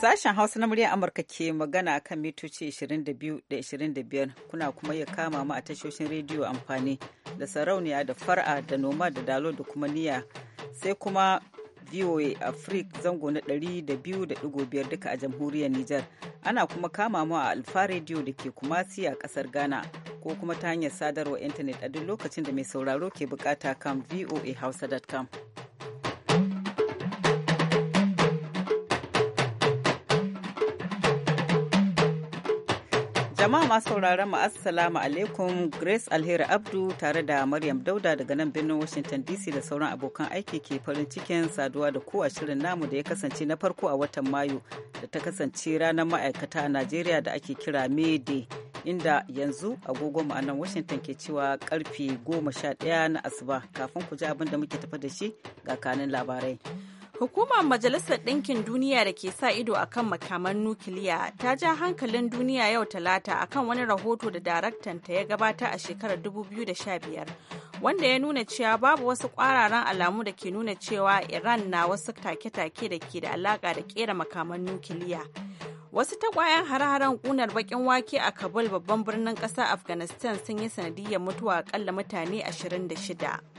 Sashen Hausa na muryar Amurka ke magana kan mitoci 22 da 25 kuna kuma ya kama mu a tashoshin rediyo amfani da sarauniya da far'a da noma da dalo da kuma niya sai kuma VOA Africa zango na 200.5 duka a jamhuriyar Nijar. Ana kuma kama mu a Alfa Radio da ke Kumasi a kasar Ghana ko kuma ta hanyar sadarwa intanet a duk lokacin da mai sauraro ke bukata kan voahausa.com. Jama'a masu sauraron mu assalamu alaikum Grace Alheri Abdu tare da Maryam Dauda daga nan birnin Washington DC da sauran abokan aiki ke farin cikin saduwa da ku a shirin namu da ya kasance na farko a watan Mayu da ta kasance ranar ma'aikata a Najeriya da ake kira May inda yanzu agogo mu a nan Washington ke cewa karfe 11 na asuba kafin ku ji abin da muke tafa da shi ga kanin labarai. Hukumar Majalisar Ɗinkin Duniya da ke sa ido a kan makaman nukiliya ta ja hankalin duniya yau talata a kan wani rahoto da daraktanta ya gabata a shekarar 2015 wanda ya nuna cewa babu wasu ƙwararan alamu da ke nuna cewa Iran na wasu take-take da ke da alaƙa da ƙera makaman nukiliya. Wasu tagwayen hare-haren ƙunar bakin wake a Kabul babban birnin ƙasar Afghanistan sun yi sanadiyar mutuwa akalla mutane 26.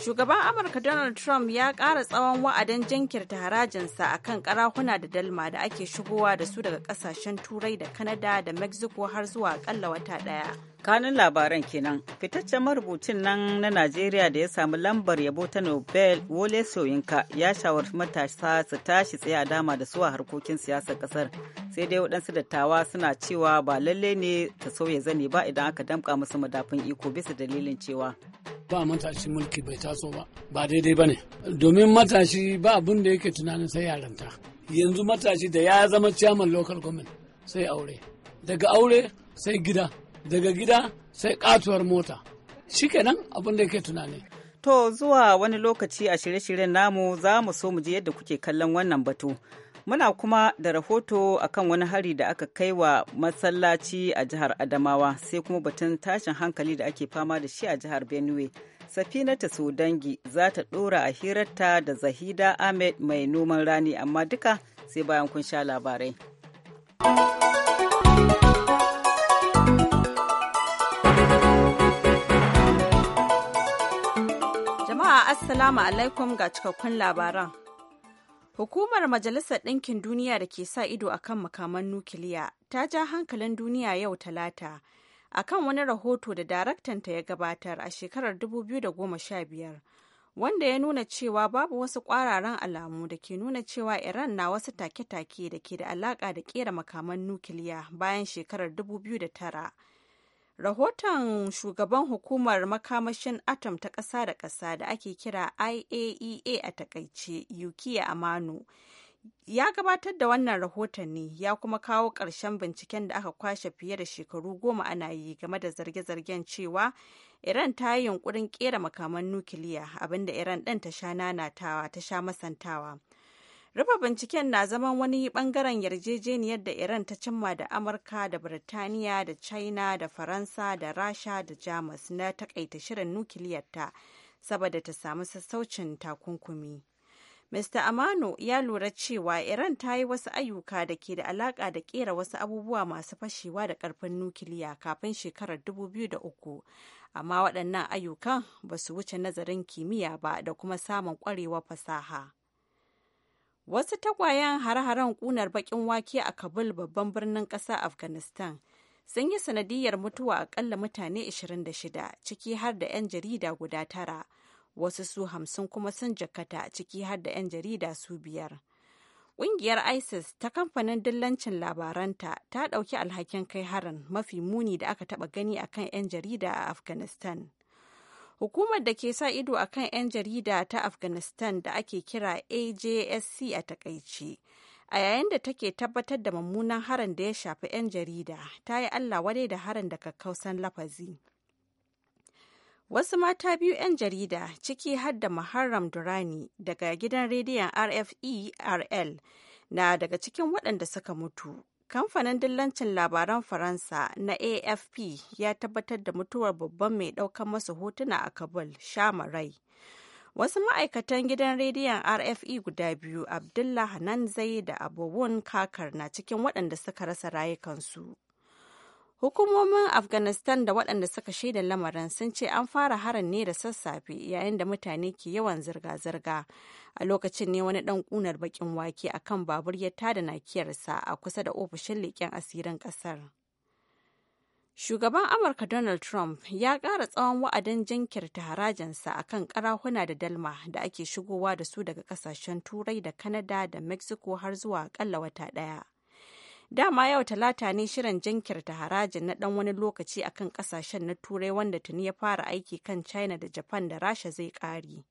Shugaban Amurka Donald Trump ya kara tsawon wa'adin jinkirta harajinsa a kan karahuna da dalma da ake shigowa da su daga kasashen Turai da Kanada da Mexico har zuwa kalla wata daya. Kanun labaran kenan, fitaccen marubucin nan na Najeriya da ya samu lambar yabo ta Nobel Wole Soyinka ya shawarci matasa su tashi tsaye a dama da su a harkokin siyasar kasar Sai dai waɗansu dattawa suna cewa ba lalle ne ta sauya zane ba idan aka damƙa musu madafin iko bisa dalilin cewa ba matashi mulki bai taso ba ba daidai ba ne domin matashi ba abin da yake tunanin sai yaranta yanzu matashi da ya zama chairman local government sai aure daga aure sai gida daga gida sai katuwar mota shikenan abin da yake tunani to zuwa wani lokaci a shirye-shiryen namu za mu so mu je yadda kuke kallon wannan batu Muna kuma da rahoto akan wani hari da aka kai wa masallaci a jihar Adamawa sai kuma batun tashin hankali da ake fama da shi a jihar Benue. Safinata sudangi za ta ɗora a hirarta da Zahida Ahmed mai noman rani amma duka sai bayan kun sha labarai. Jama'a Assalamu alaikum ga cikakkun labaran. Hukumar Majalisar Ɗinkin Duniya da ke sa ido a kan makaman nukiliya ta ja hankalin duniya yau talata a kan wani rahoto da daraktanta ya gabatar a shekarar 2015 wanda ya nuna cewa babu wasu ƙwararan alamu da ke nuna cewa Iran na wasu take-take da ke da alaƙa da ƙera makaman nukiliya bayan shekarar 2009. Rahoton shugaban hukumar makamashin atom ta ƙasa da ƙasa da ake kira IAEA a e takaice, Yukiya Amanu ya gabatar da wannan rahoton ne ya kuma kawo ƙarshen binciken da aka kwashe fiye da shekaru goma ana yi game da zarge-zargen cewa Iran ta yi yunkurin ƙera makaman nukiliya abinda Iran ɗin ta sha nanatawa ta sha masantawa. rufa binciken na zaman wani bangaren yarjejeniyar da Iran ta cimma da Amurka da Birtaniya da China da Faransa da Rasha da Jamus na takaita shirin nukiliyar ta saboda ta samu sassaucin takunkumi. Mr. Amano ya lura cewa Iran ta yi wasu ayyuka da ke da alaka da kera wasu abubuwa masu fashewa da karfin nukiliya kafin shekarar 2003, amma waɗannan ayyukan ba su wuce nazarin kimiyya ba da kuma samun kwarewar fasaha. Wasu tagwayen har haren kunar bakin wake a Kabul babban birnin ƙasa Afghanistan sun yi sanadiyar mutuwa akalla mutane 26 ciki har da 'yan jarida guda tara, wasu su hamsin kuma sun jakata ciki har da 'yan jarida su biyar. Ƙungiyar ISIS ta kamfanin dillancin labaranta ta ɗauki alhakin kai harin mafi muni da aka taɓa gani akan 'yan jarida a Afghanistan. Hukumar da ke sa ido a kan 'yan jarida ta Afghanistan da ake kira AJSC a takaice. A yayin da take tabbatar da mummunan harin da ya shafi 'yan jarida, ta yi Allah wadai da harin da kakkausan lafazi. Wasu mata biyu 'yan jarida ciki har da Muharram Durani daga gidan rediyon RFE RL na daga cikin waɗanda suka mutu Kamfanin dillancin labaran Faransa na AFP ya tabbatar da mutuwar babban mai ɗaukar masa hotuna a Kabul, Shama Rai. Wasu ma'aikatan gidan rediyon RFE guda biyu, Abdullah Hanan Zai da Abubuwan Kakar na cikin waɗanda suka rasa rayukansu. Hukumomin Afghanistan da waɗanda suka shaida lamarin sun ce an fara harin ne da sassafe yayin da mutane ke yawan zirga-zirga. A lokacin ne wani ɗan ƙunar baƙin wake a kan babur ya tada nakiyarsa a kusa da ofishin leƙen asirin ƙasar. Shugaban Amurka Donald Trump ya ƙara tsawon wa'adin jinkirta harajinsa a kan ƙarahuna da dalma da ake shigowa da su daga ƙasashen Turai da Kanada da Mexico har zuwa ƙalla wata ɗaya. dama yau talata ne shirin jinkirta harajin na dan wani lokaci akan kasashen na turai wanda tuni ya fara aiki kan china da japan da rasha zai kare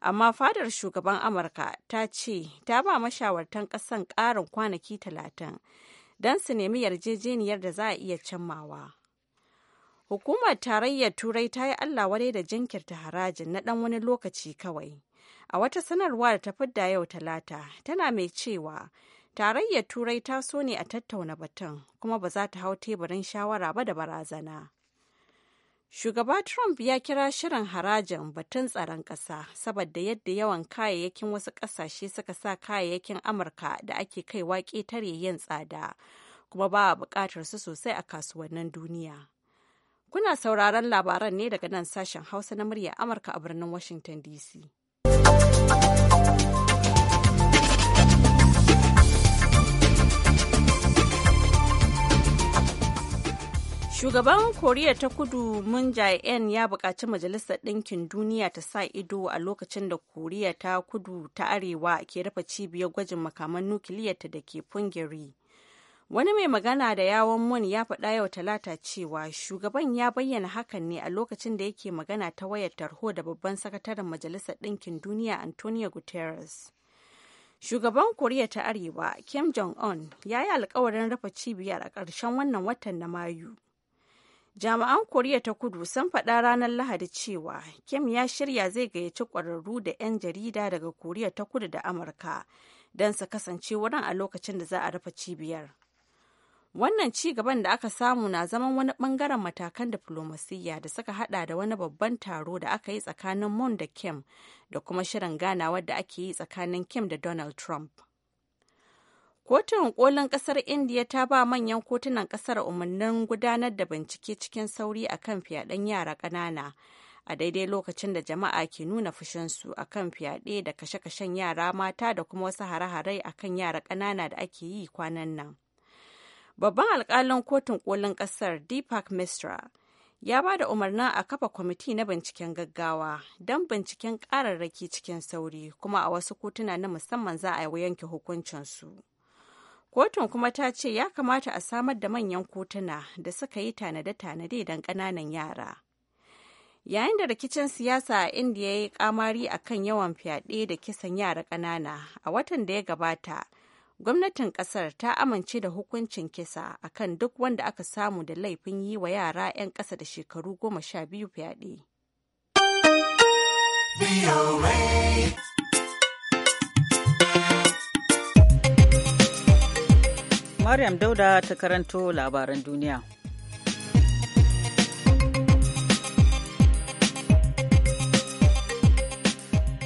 amma fadar shugaban amurka ta ce ta ba mashawartan kasan karin kwanaki talatin don su nemi yarjejeniyar da za a iya cimmawa hukumar tarayyar turai ta yi allah wadai da jinkirta harajin na dan wani lokaci kawai a wata sanarwa da ta fidda yau talata tana mai cewa Tarayyar Turai ta so ne a tattauna batun kuma ba za ta hau teburin shawara ba da barazana. Shugaba Trump ya kira shirin harajin batun tsaron ƙasa saboda yadda yawan kayayyakin wasu ƙasashe suka sa kayayyakin Amurka da ake kaiwa ƙetare yin tsada kuma ba a buƙatar su sosai a kasuwannin duniya. Kuna sauraron labaran ne daga nan sashen Hausa na murya Amurka a birnin Washington DC. Shugaban Koriya ta Kudu Moon Jae-in ya buƙaci Majalisar Ɗinkin Duniya ta sa ido a lokacin da Koriya ta Kudu ta Arewa ke rufe cibiyar gwajin makaman nukiliyarta da ke Pungiri. Wani mai magana da yawon mun ya faɗa yau Talata cewa shugaban ya bayyana hakan ne a lokacin da yake magana ta wayar tarho da babban sakataren Majalisar Ɗinkin Duniya Antonio Guterres. shugaban koriya ta arewa kim jong-un ya yi alkawarin rufe cibiyar a ƙarshen wannan watan na mayu jami'an koriya ta kudu sun faɗa ranar lahadi cewa kim ya shirya zai gayyaci ƙwararru da 'yan jarida daga koriya ta kudu da amurka don su kasance wurin a lokacin da za a rufe cibiyar wannan ci gaban da aka samu na zaman wani bangaren matakan diflomasiyya da suka hada da wani babban taro da aka yi tsakanin moon da kim da kuma shirin ganawa da ake yi tsakanin kim da donald trump Kotun kolin kasar Indiya ta ba manyan kotunan kasar umarnin gudanar da bincike cikin sauri a kan fyaɗen yara ƙanana. A daidai lokacin da jama'a ke nuna fushinsu a kan fyaɗe da kashe-kashen yara mata da kuma wasu hare-hare a kan yara ƙanana da ake yi kwanan nan. Babban alƙalin kotun kolin kasar Deepak Mistra ya ba da umarnin a kafa kwamiti na binciken gaggawa don binciken ƙararraki cikin sauri kuma a wasu kotuna na musamman za a yanke hukuncinsu. kotun kuma ta ce ya kamata a samar da manyan kotuna da suka yi tanade-tanade don ƙananan yara yayin da rikicin siyasa a indiya ya yi kamari a kan yawan fyaɗe da kisan yara ƙanana a watan da ya gabata gwamnatin ƙasar ta amince da hukuncin kisa a kan duk wanda aka samu da laifin yi wa yara 'yan ƙasa da shekaru goma sha biyu fyaɗe. Maryam Dauda ta karanto labaran duniya.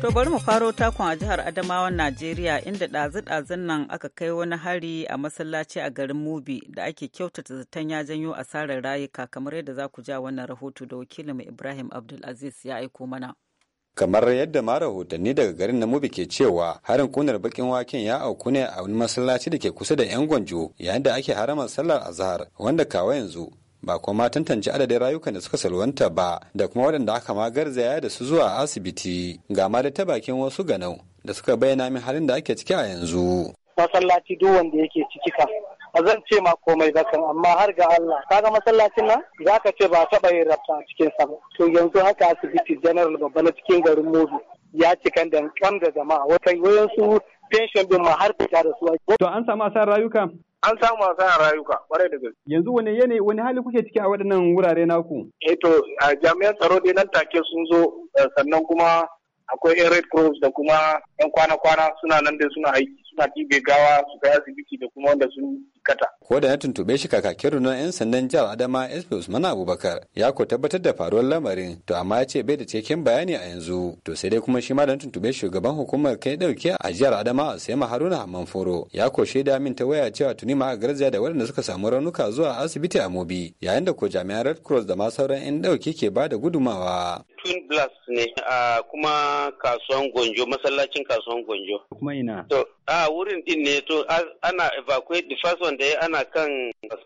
To bari mu faro takon a jihar Adamawan Najeriya inda ɗazu-ɗazun nan aka kai wani hari a masallaci a garin Mubi da ake kyautata zaton ya janyo asarar rayuka kamar yadda za ku ja wannan rahoto da wakilinmu Ibrahim Abdulaziz ya aiko mana. kamar yadda ma rahotanni daga garin na mubi ke cewa harin kunar bakin waken ya auku ne a wani masallaci da ke kusa da yan gwanjo yayin da ake haramar sallar azhar wanda kawa yanzu ba kuma ma tantance adadin rayukan da suka salwanta ba da kuma waɗanda aka ma garzaya da su zuwa asibiti ga ma da ta bakin wasu ganau da suka bayyana min halin da ake ciki a yanzu masallaci duk wanda yake ciki ka zan ce ma komai ba kan amma har ga Allah kaga masallacin nan za ka ce ba taɓa yin rafta a cikin sa to yanzu haka asibiti general babba na cikin garin Mobi ya cika da kan da jama'a wata su pension din ma har fita da su to an samu asar rayuka an samu asar rayuka kwarai da gaske. Yanzu wani yene wani hali kuke ciki a waɗannan wurare naku? Eh to jami'an tsaro dai nan take sun zo eh, sannan kuma akwai yan red cross da kuma yan kwana-kwana suna nan da suna aiki suna ɗibe gawa su kai asibiti da kuma wanda sun jikkata. Ko da ya tuntuɓe shi kakakin na 'yan sandan jihar Adama SP Usman Abubakar ya ko tabbatar da faruwar lamarin to amma ya ce bai da cikakken bayani a yanzu to sai dai kuma shi ma da tuntube shugaban hukumar kai ɗauke a jihar Adama a Usman Haruna Manforo ya ko shaida min ta waya cewa tuni ma a garzaya da waɗanda suka samu raunuka zuwa asibiti a Mobi yayin da ko jami'an Red Cross da ma sauran 'yan ɗauke ke ba da gudumawa. Twin Blast ne a kuma kasuwan Gonjo masallacin kasuwan Gonjo. Kuma ina? To a wurin din ne to ana evacuate the first one ciwon da ya ana kan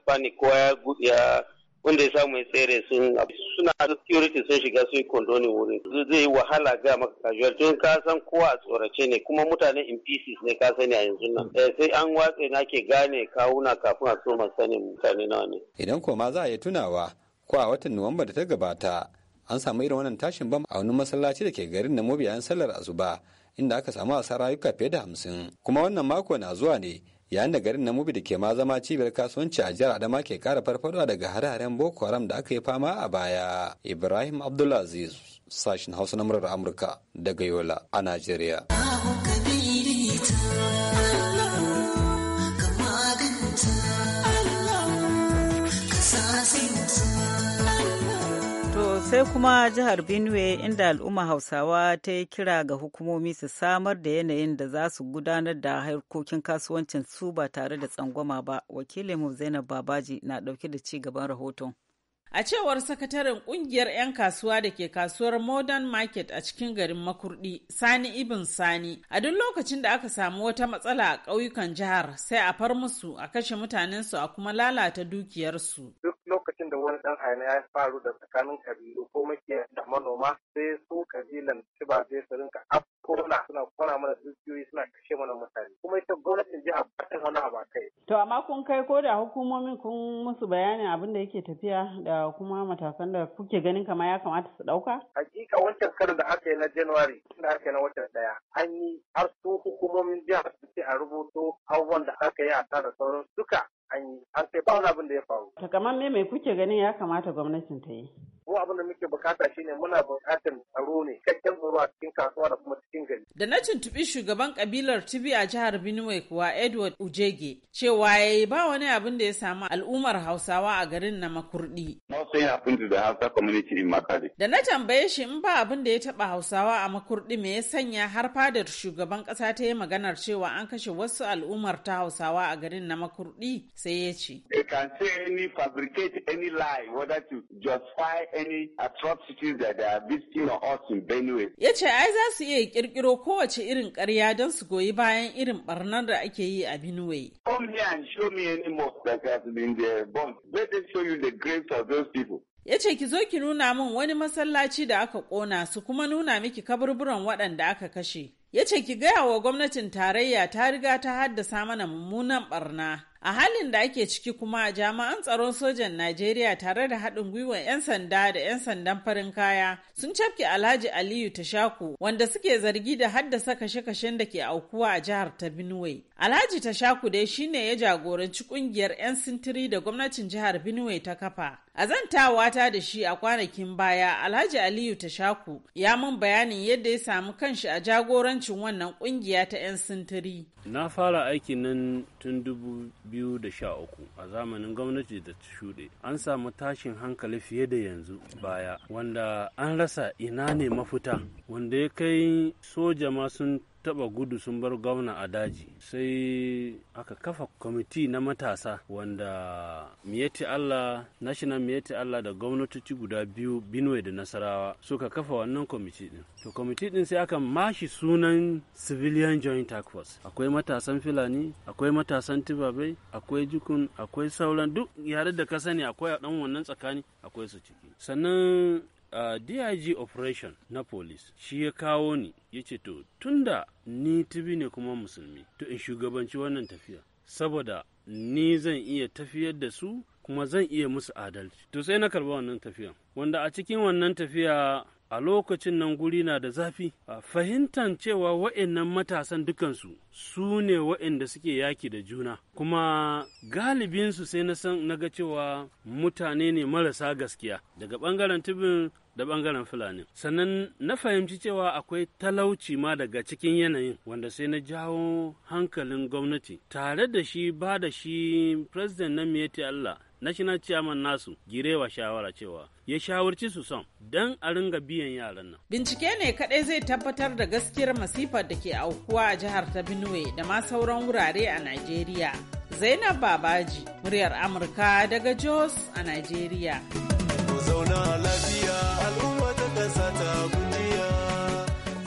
spanic ko ya ya wanda ya samu ya tsere sun suna security sun shiga su yi kondoni wurin zai yi wahala ga maka casual tun ka san kowa a tsorace ne kuma mutane in pieces ne ka sani a yanzu nan eh, sai an watse na ke gane kawuna kafin a soma sanin mutane nawa ne idan koma za a yi tunawa ko a watan nuwamba da ta gabata an samu irin wannan tashin bam a wani masallaci da ke garin na mabiyan sallar asuba inda aka samu asara rayuka fiye da hamsin kuma wannan mako na zuwa ne yayin da garin namubi da ke ma zama cibiyar kasuwanci a jihar adama ke kara farfadowa daga hare-haren boko haram da aka yi fama a baya ibrahim abdulaziz sashen hausa na murar amurka daga yola a najeriya sai kuma jihar benue inda al'umma hausawa ta yi kira ga hukumomi su samar da yanayin da za su gudanar da harkokin kasuwancin su ba tare da tsangwama ba wakilin wakilinmu zainab babaji na dauke da ci gaban rahoton A cewar sakataren kungiyar 'yan kasuwa da ke kasuwar Modern Market a cikin garin Makurdi, Sani Ibn Sani, a duk lokacin da aka samu wata matsala a ƙauyukan jihar sai a far musu a kashe mutanensu a kuma lalata dukiyarsu. da wani dan aina ya faru da tsakanin kabilu ko muke da manoma sai su kabilan ba zai su rinka afkona suna kona mana dukiyoyi suna kashe mana mutane kuma ita gwamnatin jiha ba ta wani abu kai. To amma kun kai ko da hukumomin kun musu bayanin abin da yake tafiya da kuma matakan da kuke ganin kama ya kamata su ɗauka? Hakika wancan karin da aka yi na January da aka yi na watan ɗaya an yi har su hukumomin jiha su ce a rubuto abubuwan da aka yi a da sauran duka an yi an sai ba abin da ya faru. me mai kuke ganin ya kamata gwamnatin ta yi? Mu abin da muke bukata shine muna bukatar tsaro ne, cikakken tsaro a cikin kasuwa da kuma cikin gari. Da na tuntubi shugaban kabilar Tibi a jihar Benue kuwa Edward Ujege cewa ya yi ba wani abin da ya samu al'ummar Hausawa a garin na makurdi. Da na tambaye shi in ba abin da ya taɓa Hausawa a makurdi me ya sanya har fadar shugaban ƙasa ta yi maganar cewa an kashe wasu al'ummar ta Hausawa a garin na makurdi sai ya ce. can say fabricate any lie whether to justify any Ya ce ai za su iya kirkiro kowace irin ƙarya don su goyi bayan irin barnar da ake yi a Benue. Uh, ya ce ki zo ki nuna min wani masallaci da aka ƙona su kuma nuna miki kaburburan waɗanda aka kashe. Ya ce ki gaya wa gwamnatin tarayya ta riga ta haddasa mana mummunan barna. a halin da ake ciki kuma a jami'an tsaron sojan najeriya tare da haɗin gwiwa 'yan sanda da 'yan sandan farin kaya sun cafke alhaji aliyu tashaku wanda suke zargi da haddasa kashe-kashen da ke aukuwa a jihar ta benue alhaji tashaku dai shine ya jagoranci kungiyar 'yan sintiri da gwamnatin jihar benue ta kafa A zantawata da shi a kwanakin baya Alhaji Aliyu Tashaku ya mun bayanin yadda ya samu kanshi a jagorancin wannan kungiya ta 'yan sintiri. Na fara aikin nan tun 2013 a zamanin gwamnati da ta shuɗe. An samu tashin hankali fiye da yanzu baya wanda an rasa ina ne mafuta wanda ya kai soja ma sun taba gudu sun bar gwamna a daji sai aka kafa kwamiti na matasa wanda miyati allah national miyati allah da gwamnatoci guda biyu benue da nasarawa suka kafa wannan kwamiti din to kwamiti din sai aka mashi sunan civilian joint task force akwai matasan filani, akwai matasan tibabai akwai jukun akwai sauran duk yare da ka sani akwai a dan wannan tsakani akwai su ciki sannan uh, dig operation na police shi ya kawo ni ya ce to tunda ni tibi ne kuma musulmi to in shugabanci wannan tafiya saboda ni zan iya tafiyar da su kuma zan iya musu adalci to sai na karba wannan tafiya wanda a cikin wannan tafiya a lokacin nan guri na da zafi fahimtan cewa wa'annan matasan dukansu su ne wa'anda suke yaki da juna kuma galibinsu sai na san na ga cewa mutane ne marasa gaskiya daga bangaren tibin da bangaren fulani sannan na fahimci cewa akwai talauci ma daga cikin yanayin wanda sai na jawo hankalin gwamnati tare da shi ba da shi president na miyati allah national chairman nasu girewa shawara cewa ya shawarci su son don a ringa biyan yaran nan. Bincike ne kadai zai tabbatar da gaskiyar masifar da ke aukuwa a jihar ta Benue da ma sauran wurare a Najeriya. Zainab Babaji, muryar Amurka daga Jos a Najeriya.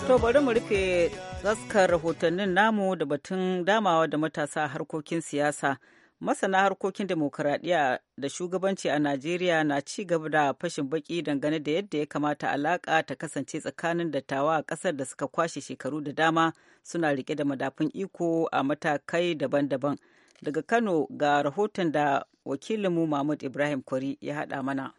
To bari mu rufe tsaskar rahotannin namu da batun damawa da matasa harkokin siyasa. Masana harkokin demokuraɗiyya da shugabanci a Najeriya na ci gaba da fashin baki dangane da yadda ya kamata alaka ta kasance tsakanin dattawa a ƙasar da suka kwashe shekaru da dama suna rike da madafun iko a matakai daban-daban. Daga Kano ga rahoton da wakilinmu Mahmud Ibrahim Kwari ya haɗa mana.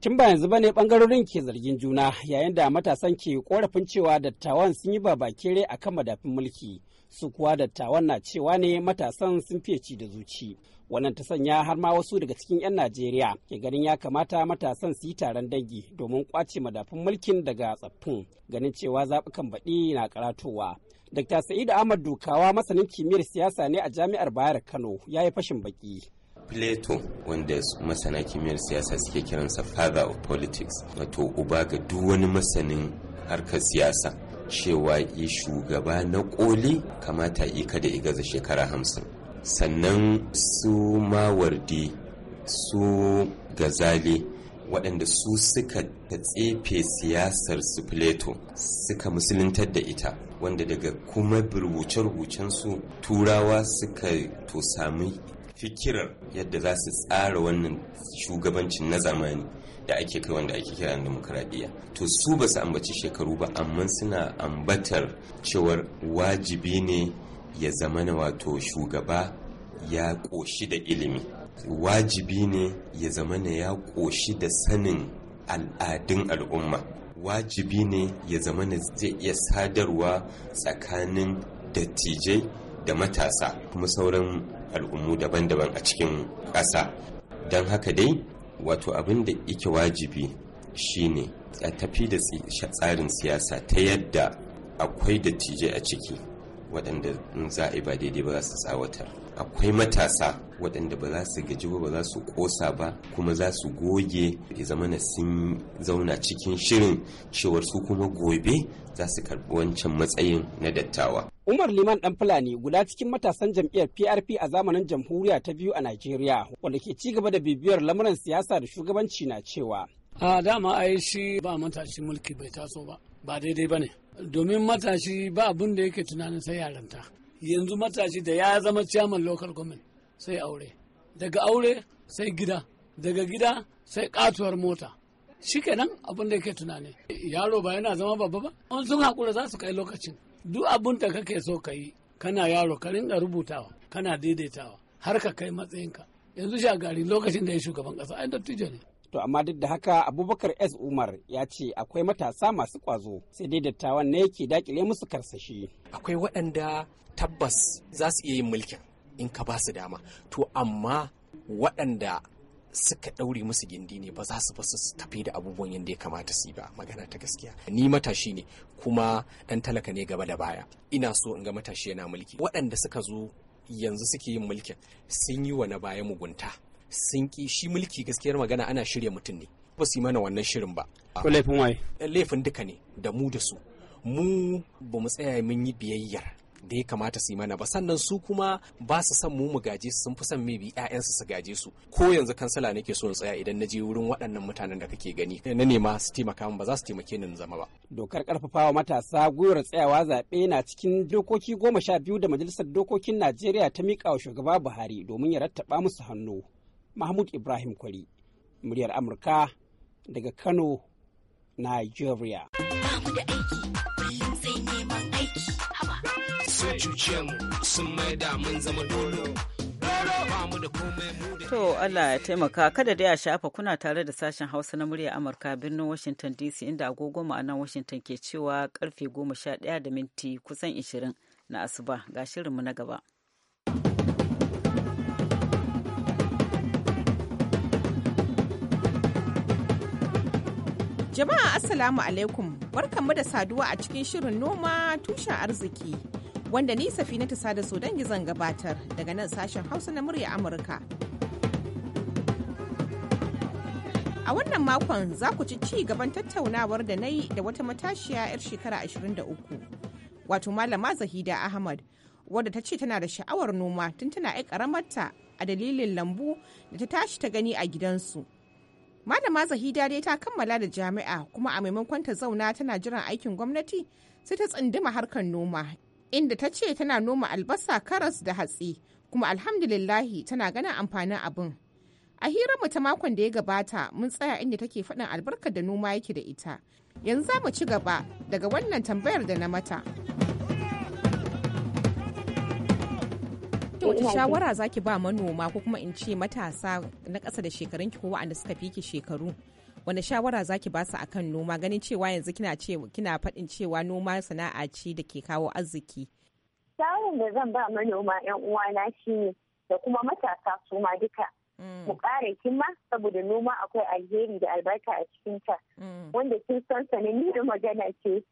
Tun ba yanzu ba ne bangarorin ke zargin juna yayin da matasan ke korafin cewa dattawan sun yi babakere a akan madafin mulki su kuwa dattawan na cewa ne matasan sun fiye ci da zuci. Wannan ta sanya har ma wasu daga cikin 'yan Najeriya ke ganin ya kamata matasan su yi taron dangi domin kwace madafin mulkin daga tsaffin ganin cewa zaɓukan baɗi na karatowa. Dr. Sa'id Ahmad Dukawa masanin kimiyyar siyasa ne a Jami'ar Bayar Kano ya yi fashin baki. plato wanda masana kimiyyar siyasa suke kiransa father of politics wato uba ga duk wani masanin harkar siyasa cewa yi shugaba na koli kamata yi kada ya gaza shekara hamsin sannan su mawardi su gazali waɗanda su suka tsefe siyasar su plato suka musuluntar da ita wanda daga kuma rubuce-rubucensu turawa suka to sami fikirar yadda za su tsara wannan shugabancin na zamani da ake kai wanda ake kira demokuraɗiyya to su ba su ambaci shekaru ba amma suna ambatar cewar wajibi ne ya zama na wato shugaba ya ƙoshi da ilimi wajibi ne ya zama na ya ƙoshi da sanin al'adun al'umma wajibi ne ya zama na zai iya sadarwa tsakanin dattijai da matasa kuma sauran al'ummu daban-daban a cikin ƙasa don haka dai wato abin da ike wajibi shine a tafi da tsarin siyasa ta yadda akwai dattijai a ciki waɗanda za a ba daidai ba za su tsawatar akwai matasa waɗanda ba za su gaji ba ba za su ƙosa ba kuma za su goge ya zamana sun zauna cikin shirin cewar su kuma gobe za su karɓi wancan matsayin na dattawa Umar Liman ɗan Fulani guda cikin matasan jam'iyyar PRP a zamanin jamhuriya ta biyu a Najeriya wanda ke ci gaba da bibiyar lamuran siyasa da shugabanci na cewa. A dama ai shi ba matashi mulki bai taso ba, ba daidai ba ne. domin matashi ba abin da yake tunanin sai yaranta yanzu matashi da ya zama chairman local government sai aure daga aure sai gida daga gida sai katuwar mota shi kenan abun da yake tunani yaro ba yana zama babba ba an sun hakura za su kai lokacin duk abin da kake so ka yi kana yaro ka ringa rubutawa kana daidaitawa har ka kai matsayinka yanzu shagari lokacin da ya shugaban ƙasa ai dattijo ne To amma duk da haka Abubakar S. Umar ya ce akwai matasa masu kwazo sai dai dattawan ne yake dakile musu karsashi. Akwai waɗanda tabbas za su iya yin mulkin in ka ba su dama. To amma waɗanda suka ɗaure musu gindi ne ba za su su tafi da abubuwan yadda ya kamata su yi ba magana ta gaskiya ni matashi ne kuma ɗan talaka ne gaba da baya ina so in ga matashi yana mulki waɗanda suka zo yanzu suke yin mulkin sun yi wa na baya mugunta sun ki shi mulki gaskiyar magana ana shirya mutum ne ba su yi mana wannan shirin ba ko laifin waye eh, laifin duka ne da mu da su mu ba mu tsaya mun yi biyayyar da ya kamata su yi mana ba sannan su kuma ba su san mu mu gaje su sun fi son mebi ƴaƴansu su gaje su ko yanzu kansala nake so in tsaya idan na je wurin waɗannan mutanen da kake gani eh, na nema su taimaka min ba za su taimake ni zama ba dokar karfafawa matasa gwiwar tsayawa zaɓe na cikin dokoki goma sha biyu da majalisar dokokin Najeriya ta miƙa wa shugaba Buhari domin ya rattaba musu hannu mahmud ibrahim kwari muryar amurka daga kano nigeria To Allah ya taimaka kada dai a shafa kuna tare da sashen Hausa na murya Amurka birnin Washington DC inda agogo ma'anar Washington ke cewa karfe 11 da minti kusan 20 na asuba ga shirinmu na gaba. Jama'a Assalamu alaikum barkanmu da saduwa a cikin shirin noma tushen arziki wanda ni safina ta sada so dangi zan gabatar daga nan sashen hausa na murya Amurka. A wannan makon za ku ci ci gaban tattaunawar da na yi da wata matashiya 'yar shekara 23 wato malama Zahida Ahmad wadda ta ce tana da sha'awar noma tun tana 'yar karamarta a dalilin lambu da ta tashi ta gani a gidansu. Malama Zahida dai ta kammala da jami'a kuma a maimakon ta zauna tana jiran aikin gwamnati sai ta tsindima harkar noma inda ta ce tana noma albasa karas da hatsi kuma alhamdulillahi tana ganin amfanin abin. A hirarmu ta makon da ya gabata mun tsaya inda take faɗin albarka da noma yake da ita. Yanzu za mu ci gaba daga wannan tambayar da na mata. to shawara zaki ba manoma ko kuma in ce matasa na ƙasa da shekarun ki ko waɗanda suka fi ki shekaru wani shawara zaki ba su akan noma ganin cewa yanzu kina ce kina faɗin cewa noma sana'a ce da ke kawo arziki shawarar da zan ba manoma yan uwana shine da kuma matasa su ma duka mm. mu ƙara himma saboda noma akwai alheri da albarka a cikinta mm. wanda kin san ni da magana ce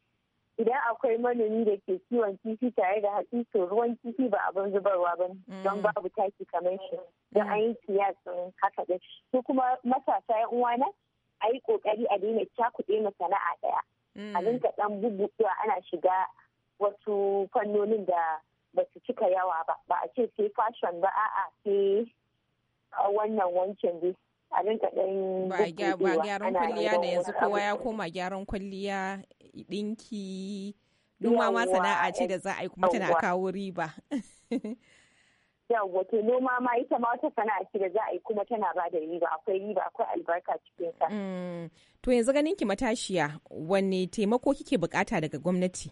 idan akwai manomi da ke kiwon kifi tare da hatsi to ruwan kifi ba abin zubarwa ba mm. don babu taki kamar shi don an yi kiyasin mm. haka din su kuma matasa ya uwana a yi kokari a daina cakuɗe ma sana'a ɗaya a rinka mm. ɗan bubuɗewa ana shiga wasu fannonin da ba su cika yawa ba ba a ce sai fashion ba a'a sai wannan wancan dai a ba gyaran kwalliya da yanzu kowa ya koma gyaran kwalliya ɗinki noma ma sana'a ce da za a yi kuma tana kawo riba yawwa to noma ma ita ma wata sana'a ce da za a yi kuma tana ba da riba akwai riba akwai albarka cikin ta mm. to yanzu ganin ki matashiya wanne taimako kike bukata daga gwamnati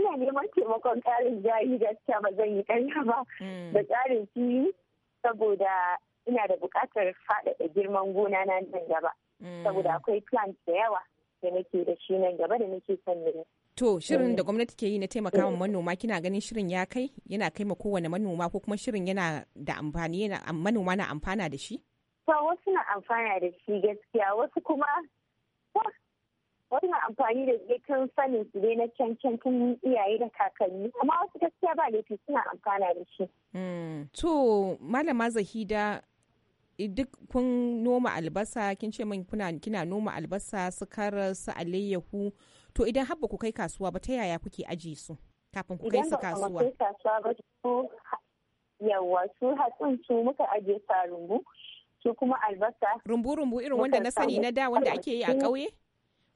ina neman taimakon karin jari gaskiya ba zan yi ƙarya ba mm. da ƙarin fili saboda ina da bukatar faɗaɗa girman gona na nan gaba mm. saboda akwai plant da yawa da nake da shi nan gaba da nake son yi to shirin da mm. gwamnati ke yi na taimakawa mm. manoma kina ganin shirin ya kai yana kai ma kowane manoma ko kuma shirin yana da amfani manoma na amfana da shi to wasu na amfana da shi gaskiya wasu kuma wannan amfani da zikin sanin su ne na cancan tun iyaye da kakanni amma wasu gaskiya ba laifi suna amfana da shi. Hmm. to malama zahida duk kun noma albasa kin ce min kuna kina noma albasa su karasa su alayyahu to idan habba ku kai kasuwa ba ta yaya kuke aji su kafin ku kai su kasuwa idan ba kasuwa ba su yawa su hatsin su muka aje sa rumbu su kuma albasa rumbu rumbu irin wanda na sani na da wanda ake yi a ƙauye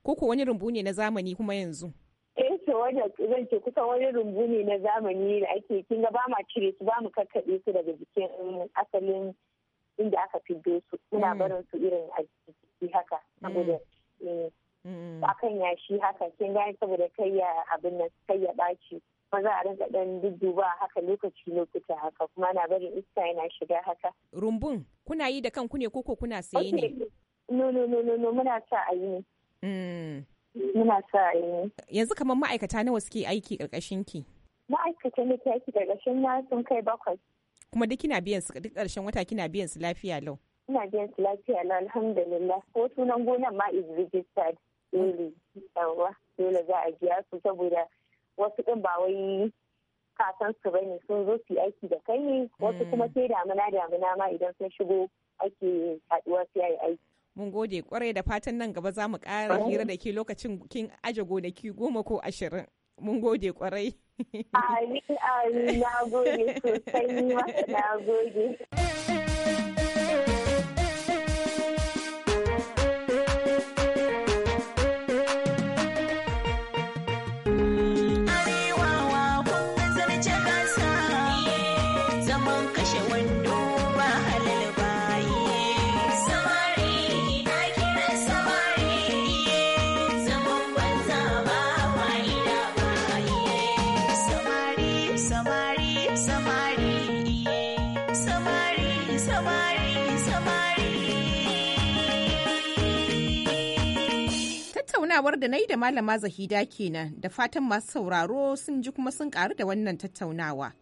koko wani rumbu ne na zamani kuma yanzu eh to wanda zan ce kusan wani rumbu ne na zamani da ake kin ga ba ma cire su ba mu kakkaɓe su daga jikin asalin inda aka fiddo su muna mm. barin su irin a jiki haka saboda mm. eh, mm. akan yashi haka kin ga saboda kai ya abin nan kai ya ɓaci kuma za a rinka dan dudduba haka lokaci lokuta haka kuma na barin iska yana shiga haka. Rumbun kuna yi da kanku ne koko kuna saye ne? no no no no muna sa a yi ne. Muna mm. sa ne. Yanzu kamar ma'aikata nawa suke aiki ƙarƙashin ki? Ma'aikatan ne ke aiki ƙarƙashin na sun kai bakwai. Kuma duk kina biyan su duk ƙarshen wata kina biyan su lafiya lau. Ina biyan su lafiya lau alhamdulillah. wasu nan gonan ma is registered. Dole yawa dole za a biya su saboda wasu ɗin ba wai kasan su ne sun zo su aiki da kai ne wasu mm. kuma sai damuna damuna ma idan sun shigo ake haɗuwa su yayi aiki. mun gode kwarai da fatan nan gaba za mu kara hira da ke lokacin kin aje gonaki goma ko ashirin mun gode kwarai ayi ayi na gode sosai na gode Tattaunawar da na yi da Malama Zahida kenan da fatan masu sauraro sun ji kuma sun karu da wannan tattaunawa.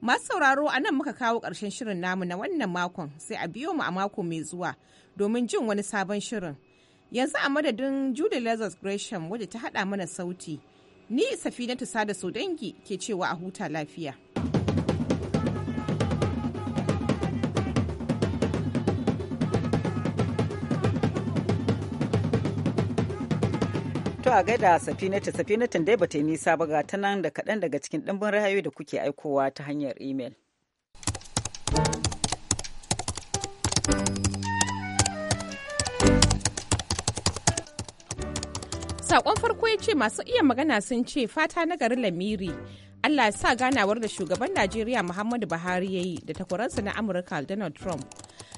Masu sauraro a nan muka kawo ƙarshen shirin namu na wannan makon sai a biyo mu a mako mai zuwa domin jin wani sabon shirin. Yanzu a madadin Julie Lazarus Gresham wadda ta haɗa mana sauti, ni da su dangi, ke cewa a huta lafiya. ga da safinata safinatan dai ba yi nisa ba ga ta nan da kaɗan daga cikin ɗimbin rahayoyi da kuke aikowa ta hanyar imel. saƙon farko ya ce masu iya magana sun ce fata na garin lamiri. Allah sa ganawar da shugaban Najeriya Muhammadu Buhari ya yi da takwaransa na Amurka Donald Trump.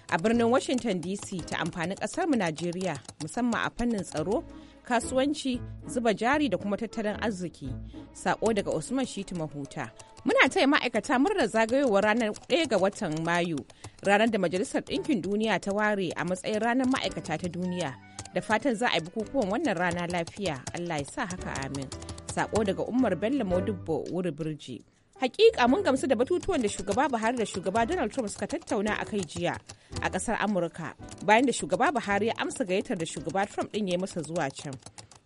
a birnin Washington DC ta amfani mu Najeriya musamman a fannin tsaro, kasuwanci, zuba jari da kuma tattalin arziki. Sako daga Usman Shitu Mahuta. Muna taya ma'aikata murnar zagayowar ranar 1 ga watan Mayu, ranar da Majalisar Ɗinkin Duniya ta ware a matsayin ranar ma'aikata ta duniya. Da fatan za a yi bukukuwan wannan rana lafiya, Allah ya sa haka amin. Sako daga Umar Bello Modibbo Wuri Birji. hakika mun gamsu da batutuwan da shugaba buhari da shugaba donald trump suka tattauna a kai jiya a kasar amurka bayan da shugaba buhari ya amsa gayyatar da shugaba trump din ya yi masa zuwa can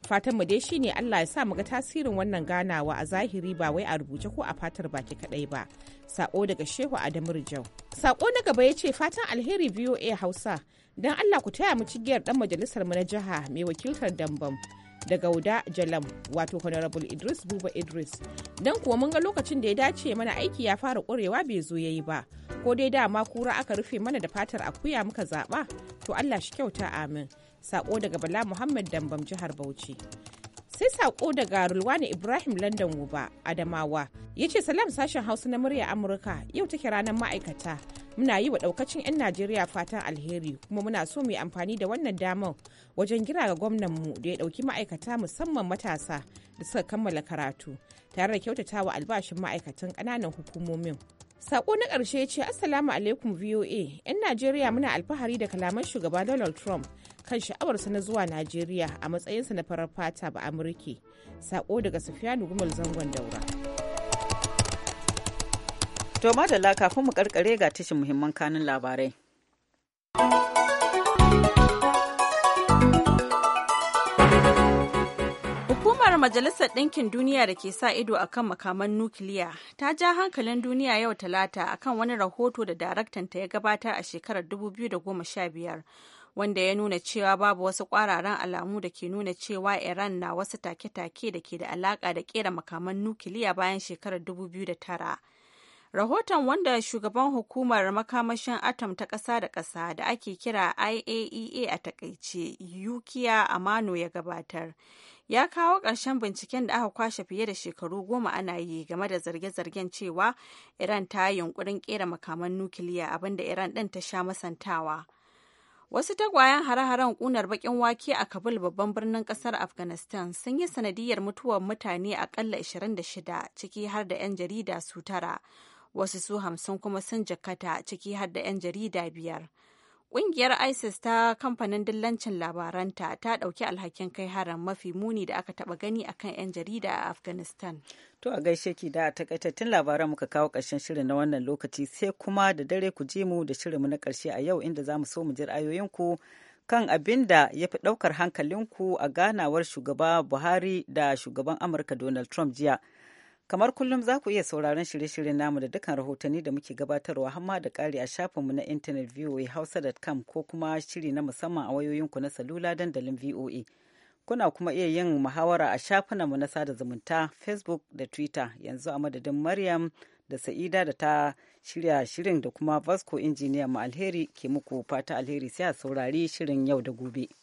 fatan mu dai shine allah ya sa mu ga tasirin wannan ganawa a zahiri ba wai a rubuce ko a fatar baki kadai ba sako daga shehu adamu rijau sako na gaba ya ce fatan alheri voa hausa don allah ku taya mu cigiyar dan majalisar mu na jiha mai wakiltar dambam da gauda jalam wato honorable idris buba idris don kuwa mun ga lokacin da ya dace mana aiki ya fara ƙwarewa bai zo ya yi ba ko dai dama kura aka rufe mana da fatar akuya muka zaɓa to allah shi kyauta amin sako daga bala muhammad dambam jihar bauchi sai sako daga rulwani ibrahim london wuba adamawa ya ce salam sashen hausa na murya amurka yau take ranar ma'aikata muna yi wa daukacin 'yan najeriya fatan alheri kuma muna so mu yi amfani da wannan damar wajen gira ga gwamnanmu da ya dauki ma'aikata musamman matasa da suka kammala karatu tare da kyautata wa albashin ma'aikatan ƙananan hukumomin Sako na ƙarshe ce Assalamu alaikum VOA. 'Yan Najeriya muna alfahari da kalaman shugaba Donald Trump kan sha'awarsa na zuwa Najeriya a matsayinsa na farar fata ba Amurki. Sako daga Sufiyanu Gumal Zangon Daura. To madalla kafin mu karkare ga tashin muhimman kanun labarai. Hukumar Majalisar Ɗinkin Duniya da ke sa ido a kan makaman nukiliya ta ja hankalin duniya yau talata akan wani rahoto da daraktan ta ya gabata a shekarar 2015 wanda ya nuna cewa babu wasu kwararan alamu da ke nuna cewa Iran na wasu take-take da ke da alaka da kera makaman nukiliya bayan shekarar 2009. Rahoton wanda shugaban hukumar makamashin atom ta ƙasa da ƙasa da ake kira IAEA a e takaice Yukiya Amano ya gabatar. Ya kawo ƙarshen binciken da aka kwashe fiye da shekaru goma ana yi game da zarge-zargen cewa Iran ta yi yunkurin ƙera makaman nukiliya abinda Iran ɗin ta sha masantawa. Wasu tagwayen hare-haren kunar bakin wake a Kabul babban birnin kasar Afghanistan sun yi sanadiyar mutuwar mutane akalla 26 ciki har da 'yan jarida su tara wasu su hamsin kuma sun jakata ciki har da 'yan jarida biyar ƙungiyar isis ta kamfanin dillancin labaranta ta ɗauki alhakin kai harin mafi muni da aka taɓa gani a kan 'yan jarida a afghanistan to a gaishe ki da takaitattun labaran muka kawo ƙarshen shirin na wannan lokaci sai kuma da dare ku ji mu da shirin mu na ƙarshe a yau inda za mu so mu ji ra'ayoyinku kan abin da ya fi ɗaukar hankalinku a ganawar shugaba buhari da shugaban amurka donald trump jiya Kamar kullum za ku iya sauraron shirye-shiryen namu da dukkan rahotanni da muke gabatarwa hamma da ƙari a shafinmu na intanet voahausa.com ko kuma shiri na musamman a wayoyinku na salula dandalin VOA. Kuna kuma iya yin muhawara a shafinmu na sada zumunta Facebook da Twitter yanzu a madadin Maryam da Sa'ida da ta shirya shirin da kuma Vasco injiniya mu alheri ke muku fata alheri sai a saurari shirin yau da gobe.